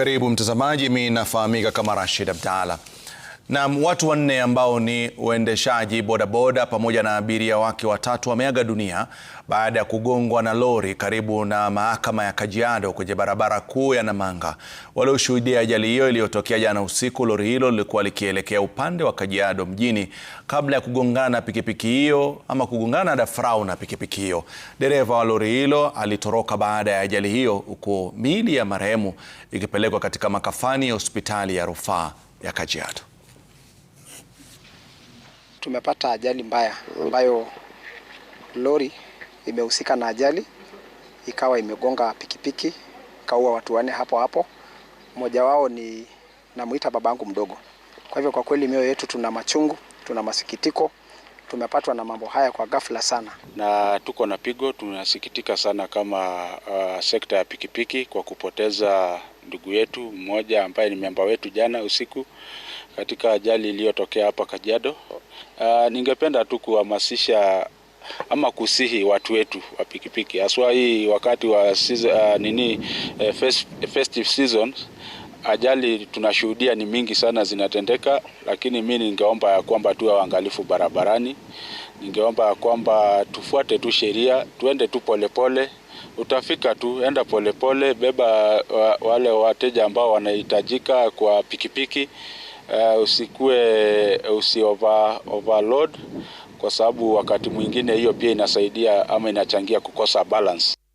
Karibu mtazamaji, mimi nafahamika kama Rashid Abdalla. Na watu wanne ambao ni waendeshaji bodaboda pamoja na abiria wake watatu wameaga dunia baada ya kugongwa na lori karibu na mahakama ya Kajiado kwenye barabara kuu ya Namanga. Walioshuhudia ajali hiyo iliyotokea jana usiku, lori hilo lilikuwa likielekea upande wa Kajiado mjini kabla ya kugongana na pikipiki hiyo ama kugongana na dafrau na pikipiki hiyo. Dereva wa lori hilo alitoroka baada ya ajali hiyo, huku miili ya marehemu ikipelekwa katika makafani ya hospitali ya rufaa ya Kajiado tumepata ajali mbaya ambayo lori imehusika na ajali ikawa imegonga pikipiki ikaua watu wanne hapo hapo. Mmoja wao ni namuita babangu mdogo. Kwa hivyo kwa kweli mioyo yetu tuna machungu, tuna masikitiko, tumepatwa na mambo haya kwa ghafla sana, na tuko na pigo. Tunasikitika sana kama uh, sekta ya pikipiki kwa kupoteza ndugu yetu mmoja ambaye ni memba wetu jana usiku katika ajali iliyotokea hapa Kajiado. Uh, ningependa tu kuhamasisha ama kusihi watu wetu wa pikipiki haswa hii wakati wa season, uh, nini uh, eh, fest, festive season. Ajali tunashuhudia ni mingi sana zinatendeka, lakini mi ningeomba ya kwamba tuwe waangalifu barabarani. Ningeomba ya kwamba tufuate tu sheria, tuende tu polepole pole. Utafika tu, enda polepole pole, beba wale wateja ambao wanahitajika kwa pikipiki uh, usikue eh, usi over, overload kwa sababu wakati mwingine hiyo pia inasaidia ama inachangia kukosa balance.